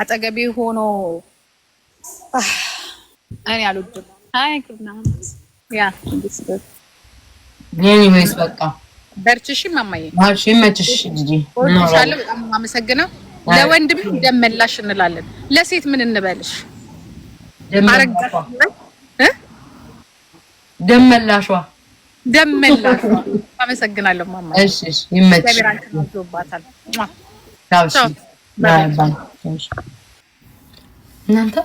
አጠገቤ ሆኖ እኔ አልወድም። አይ ያ ኤኒዌይስ በቃ በርችሽ ማማዬ ማርሽ መችሽ እንጂ ሻለ በጣም አመሰግናለሁ። ለወንድም ደም እንላለን። ለሴት ምን እንበልሽ? ደም መላሿ ደም መላሿ። አመሰግናለሁ ማማ። እሺ እሺ ይመችሽ። እናንተ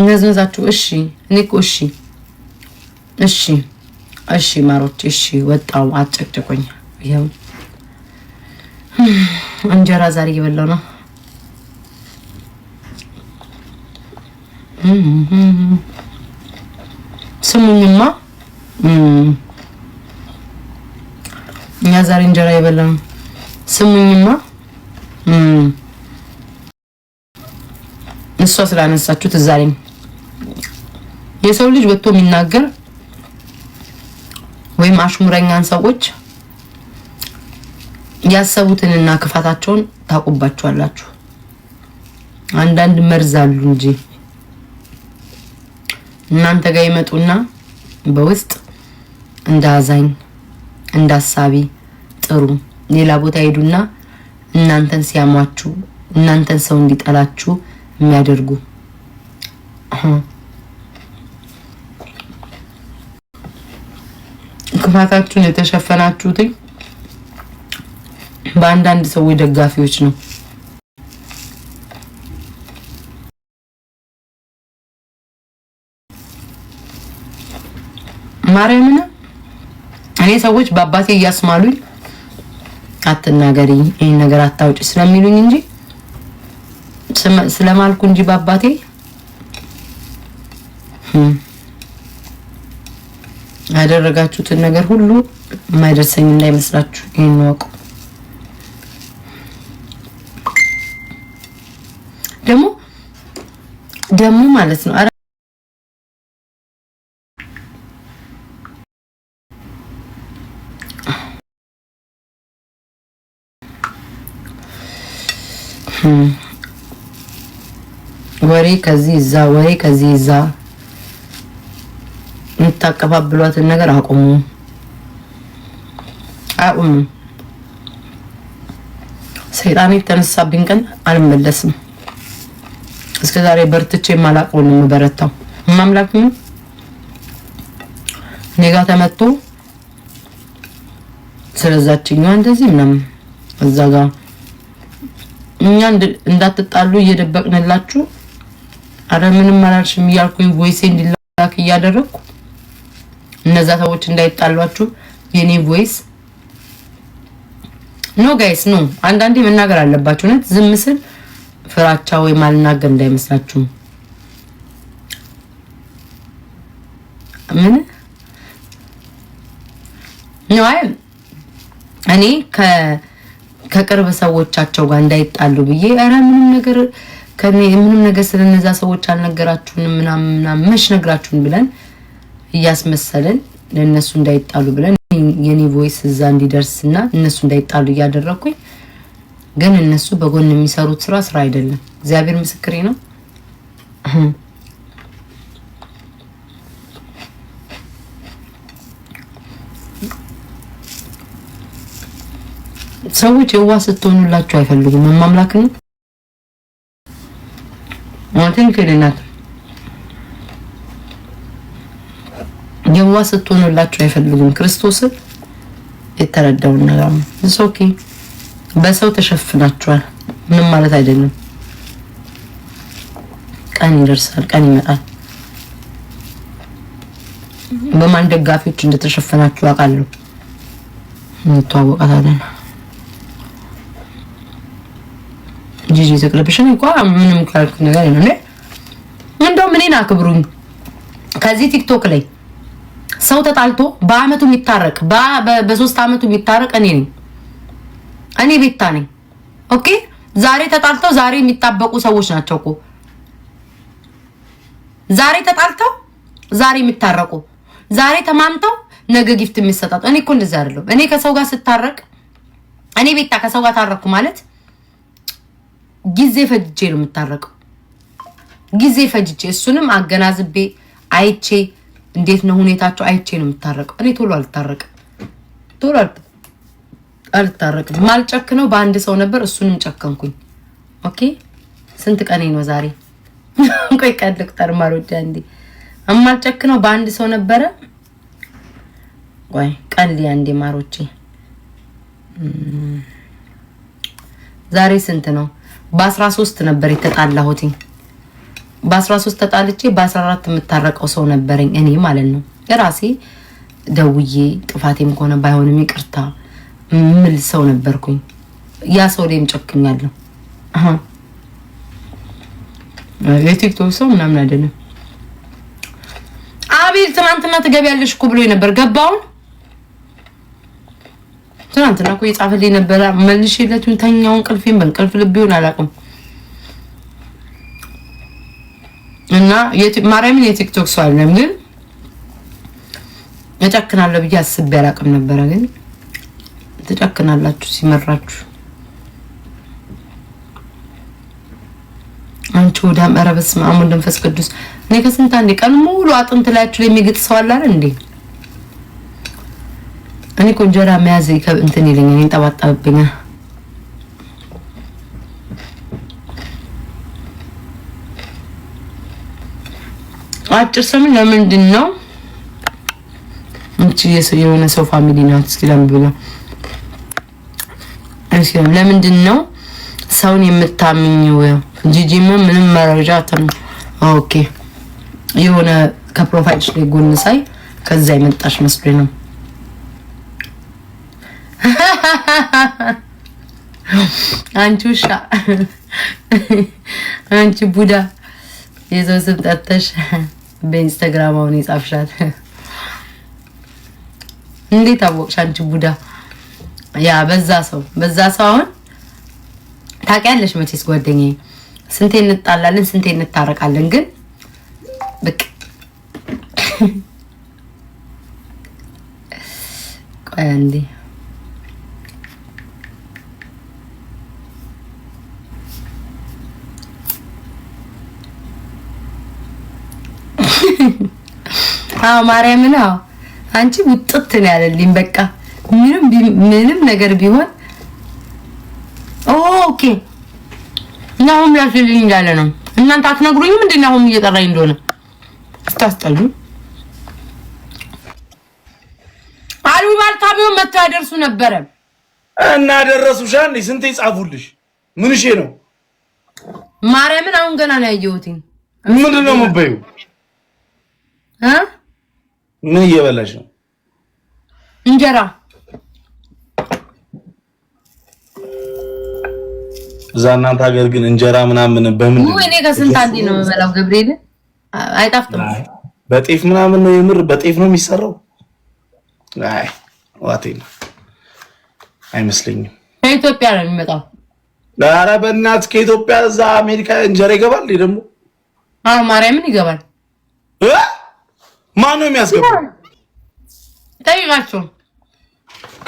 እነዝነዛችሁ። እሺ እኔ እኮ እሺ እሺ እሺ ማሮች እሺ ወጣው አጨቅጭቆኝ። ይኸው እንጀራ ዛሬ እየበላሁ ነው። ስሙኝማ እኛ ዛሬ እንጀራ እየበላሁ ነው። ስሙኝማ እሷ ስላነሳችሁት እዛ የሰው ልጅ ወጥቶ የሚናገር ወይም አሽሙረኛን ሰዎች ያሰቡትንና ክፋታቸውን ታውቁባቸዋላችሁ። አንዳንድ መርዝ አሉ እንጂ እናንተ ጋር ይመጡና በውስጥ እንዳዛኝ እንዳሳቢ ጥሩ ሌላ ቦታ ሄዱና እናንተን ሲያሟችሁ እናንተን ሰው እንዲጠላችሁ የሚያደርጉ ክፋታችሁን የተሸፈናችሁትኝ በአንዳንድ ሰዎች ደጋፊዎች ነው። ማርያምን እኔ ሰዎች በአባቴ እያስማሉኝ አትናገሪ፣ ይህን ነገር አታውጭ ስለሚሉኝ እንጂ ስለማልኩ እንጂ በአባቴ ያደረጋችሁትን ነገር ሁሉ የማይደርሰኝ እንዳይመስላችሁ ይህን ወቁ። ደግሞ ደግሞ ማለት ነው ወሬ ከዚህ እዛ፣ ወሬ ከዚህ እዛ የምታቀባብሏትን ነገር አቁሙ፣ አቁሙ። ሰይጣን የተነሳብኝ ቀን አልመለስም። እስከ ዛሬ በርትቼ ነው የምበረታው ማምላክ ጋ ተመቶ ስለዛችኛዋ እንደዚህ ምናምን እዛ ጋር እኛ እንዳትጣሉ እየደበቅንላችሁ አረ ምንም አላልሽም እያልኩኝ ቮይሴ እንዲላክ እያደረግኩ እነዛ ሰዎች እንዳይጣሏችሁ የኔ ቮይስ ኖ ጋይስ ኖ። አንዳንዴ መናገር አለባችሁ። እውነት ዝም ስል ፍራቻ ወይም አልናገር እንዳይመስላችሁ። ምን ነው አይ እኔ ከ ከቅርብ ሰዎቻቸው ጋር እንዳይጣሉ ብዬ ኧረ ምንም ነገር ምንም ነገር ስለነዛ ሰዎች አልነገራችሁንም ምናምን ምናምን መች ነግራችሁን ብለን እያስመሰልን ለእነሱ እንዳይጣሉ ብለን የኔ ቮይስ እዛ እንዲደርስና እነሱ እንዳይጣሉ እያደረግኩኝ ግን እነሱ በጎን የሚሰሩት ስራ ስራ አይደለም። እግዚአብሔር ምስክሬ ነው። ሰዎች የዋ ስትሆኑላቸው አይፈልጉም። ማምላክ ነው ማለትም ከሌላት የዋ ስትሆኑላቸው አይፈልጉም። ክርስቶስ የተረዳው ነገር ነው። ኦኬ በሰው ተሸፍናችኋል። ምንም ማለት አይደለም። ቀን ይደርሳል፣ ቀን ይመጣል። በማን ደጋፊዎች እንደተሸፈናችሁ አውቃለሁ። እንተዋወቃታለን። ጂጂ ተክለብሽን እንኳ ምንም ካልኩት ነገር የለም። እንደውም እኔን አክብሩኝ። ከዚህ ቲክቶክ ላይ ሰው ተጣልቶ በአመቱ የሚታረቅ በሶስት አመቱ የሚታረቅ እኔ ነኝ። እኔ ቤታ ነኝ። ኦኬ ዛሬ ተጣልተው ዛሬ የሚጣበቁ ሰዎች ናቸው እኮ ዛሬ ተጣልተው ዛሬ የሚታረቁ ዛሬ ተማምተው ነገ ጊፍት የሚሰጣጡ። እኔ እኮ እንደዚህ አይደለም። እኔ ከሰው ጋር ስታረቅ እኔ ቤታ ከሰው ጋር ታረቅኩ ማለት ጊዜ ፈጅቼ ነው የምታረቀው። ጊዜ ፈጅቼ እሱንም አገናዝቤ አይቼ እንዴት ነው ሁኔታቸው አይቼ ነው የምታረቀው። እኔ ቶሎ አልታረቅም፣ ቶሎ አልታረቅም። ነው በአንድ ሰው ነበር፣ እሱንም ጨከንኩኝ። ኦኬ ስንት ቀኔ ነው ዛሬ? ቆይ ቀን ማሮጃ እንዴ ነው በአንድ ሰው ነበረ። ቆይ ቀል ሊያ ማሮቼ ዛሬ ስንት ነው? በአስራ ሶስት ነበር የተጣላሁትኝ በአስራ ሶስት ተጣልቼ በ14 የምታረቀው ሰው ነበረኝ እኔ ማለት ነው። የራሴ ደውዬ ጥፋቴም ከሆነ ባይሆንም ይቅርታ ምል ሰው ነበርኩኝ። ያ ሰው ላይም ጨክኛለሁ። የቲክቶክ ሰው ምናምን አይደለም። አቤል ትናንትና ትገቢያለሽ እኮ ብሎ ነበር ገባውን ትናንትና እኮ የጻፈልኝ ነበረ መልሼለት ተኛውን ቅልፌን በእንቅልፍ ልቤውን አላውቅም። እና ማርያምን የቲክቶክ ሰው አለም ግን እጨክናለሁ ብዬ አስቤ አላውቅም ነበረ። ግን ትጨክናላችሁ ሲመራችሁ። አንቺ ወዳም ኧረ በስመ መንፈስ ቅዱስ እኔ ከስንት አንዴ ቀን ሙሉ አጥንት ላያችሁ ላይ የሚግጥ ሰው አለ እንዴ? እኔ እኮ እንጀራ መያዝ እንትን ይለኛል፣ ይንጠባጠብብኛል። አጭር ስም ለምንድን ነው? እንቺ የሆነ ሰው ፋሚሊ ናት። እስኪ ለምብለው እሺ፣ ለምንድን ነው ሰውን የምታምኘው? ጂጂም ምንም መረጃ አትም ኦኬ፣ የሆነ ከፕሮፋይልሽ ላይ ጎን ሳይ ከዛ የመጣሽ መስሎኝ ነው። አንቺ ውሻ፣ አንቺ ቡዳ የሰው ስም ጠጥተሽ በኢንስታግራም አሁን ይጻፍሻል። እንዴት አወቅሽ? አንቺ ቡዳ ያ በዛ ሰው በዛ ሰው አሁን ታውቂያለሽ መቼስ ጓደኛዬ፣ ስንቴ እንጣላለን፣ ስንቴ እንታረቃለን። ግን በቃ ቆይ አንዴ ማርያምን አንቺ ውጥት ነው ያለልኝ። በቃ ምንም ምንም ነገር ቢሆን ኦኬ። ናሁም ላሽልኝ እያለ ነው። እናንተ አትነግሩኝም እንዴ? አሁን እየጠራኝ እንደሆነ ስታስጠሉ አሉ ባልካሚውን መጥተው ያደርሱ ነበረ እና ደረሱሻ እንዴ? ስንት ይጻፉልሽ? ምንሽ ነው ማርያምን። አሁን ገና ነው ያየሁት ምንድን ነው የምትበይው? ምን እየበላሽ ነው? እንጀራ እዛ እናንተ ሀገር ግን እንጀራ ምናምን በምን ነው? እኔ ከስንት አንዴ ነው የምበላው። ገብርኤል አይጣፍጥም። በጤፍ ምናምን ነው የምር በጤፍ ነው የሚሰራው። አይ ዋቴ ነው አይመስለኝም። ከኢትዮጵያ ነው የሚመጣው። ኧረ በእናትህ ከኢትዮጵያ እዛ አሜሪካ እንጀራ ይገባል ደግሞ። አዎ ማርያምን ይገባል። ማን ነው የሚያስገባው? ጠይቃቸው።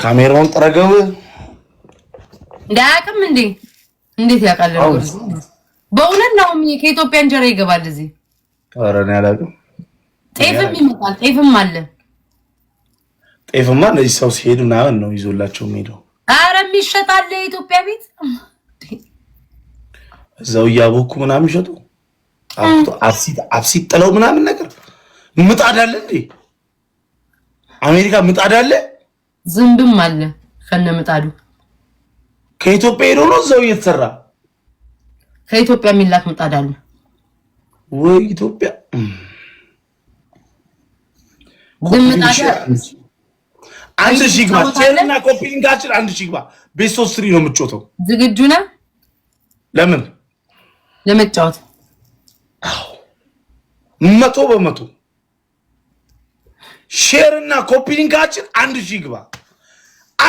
ካሜራውን ጠረገው። እንዳያውቅም እንዴ! እንዴት ያውቃል? በእውነት ነው ከኢትዮጵያ እንጀራ ይገባል እዚህ። ኧረ እኔ አላውቅም። ጤፍም ይመጣል፣ ጤፍም አለ። ጤፍማ እነዚህ ሰው ሲሄድ ምናምን ነው ይዞላቸው የሚሄደው። አረ የሚሸጥ የኢትዮጵያ ቤት እዛው እያቦኩ ምናምን ይሸጡ አብሲት ጥለው ምናምን ነገር ምጣድ አለ እንዴ? አሜሪካ ምጣድ አለ፣ ዝንብም አለ ከነ ምጣዱ። ከኢትዮጵያ ሄዶ ነው እዛው እየተሰራ ከኢትዮጵያ የሚላክ ምጣድ አለ ወይ? ኢትዮጵያ አንድ ሺህ ግባ ቼልና ኮፒንጋችን አንድ ሺህ ግባ። ቤት ሶስት ስሪ ነው የምትጮተው። ዝግጁ ነህ? ለምን ለመጫወት? መቶ በመቶ ሼር እና ኮፒሊንካችን አንድ ሺህ ግባ፣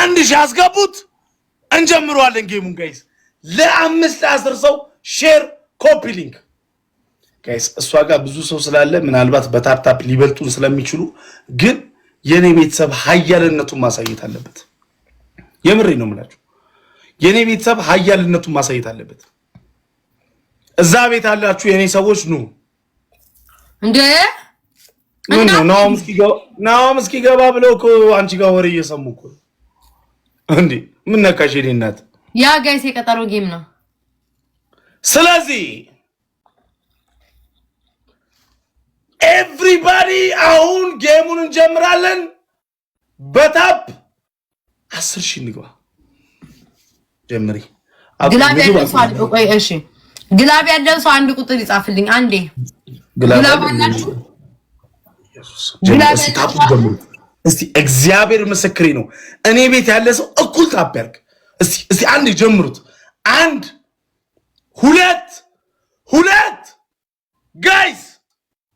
አንድ ሺ አስገቡት። እንጀምረዋለን ጌሙን ጋይስ። ለአምስት አስር ሰው ሼር ኮፒሊንክ ጋይስ። እሷ ጋር ብዙ ሰው ስላለ ምናልባት በታፕታፕ ሊበልጡን ስለሚችሉ ግን የኔ ቤተሰብ ሀያልነቱን ማሳየት አለበት። የምሬ ነው የምላችሁ፣ የኔ ቤተሰብ ሀያልነቱን ማሳየት አለበት። እዛ ቤት አላችሁ የኔ ሰዎች ኑ እንደ ናኦም እስኪገባ ብለው አንቺ ጋር ወሬ እየሰሙ እኮ እንዴ! ምን ነካሽ? የእኔ እናት ያ ጋይስ የቀጠሮ ጌም ነው። ስለዚህ ኤቭሪባዲ አሁን ጌሙን እንጀምራለን። በታፕ አስር ሺህ እንግባ። ጀምሪ። ግላብ ያለው ሰው አንድ ቁጥር ይጻፍልኝ። አንዴ ግላብ እስቲ እግዚአብሔር ምስክሬ ነው። እኔ ቤት ያለ ሰው እኩል ታፕ ያርግ። እስቲ አንድ ጀምሩት። አንድ ሁለት ሁለት ጋይስ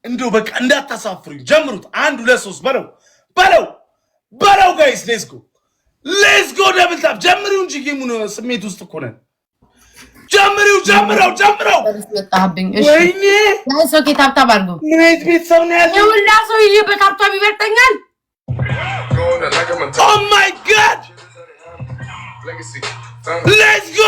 እንደው በቃ እንዳታሳፍሩኝ፣ ጀምሩት። አንድ ሁለት ሶስት በለው በለው በለው ጋይስ ሌስጎ ሌስጎ ደብል ታፕ ጀምሩ እንጂ ጌሙን ስሜት ውስጥ እኮ ነን። ጀምሪው ጀምረው ጀምረው መጣብኝ። ወይኔ ሰው ኬታብታብ አድርጎ ምንት ቤተሰብ ነው ያለው። የሁላ ሰው ይዤ በካብታብ ይበልጠኛል። ኦ ማይ ጋድ ሌትስ ጎ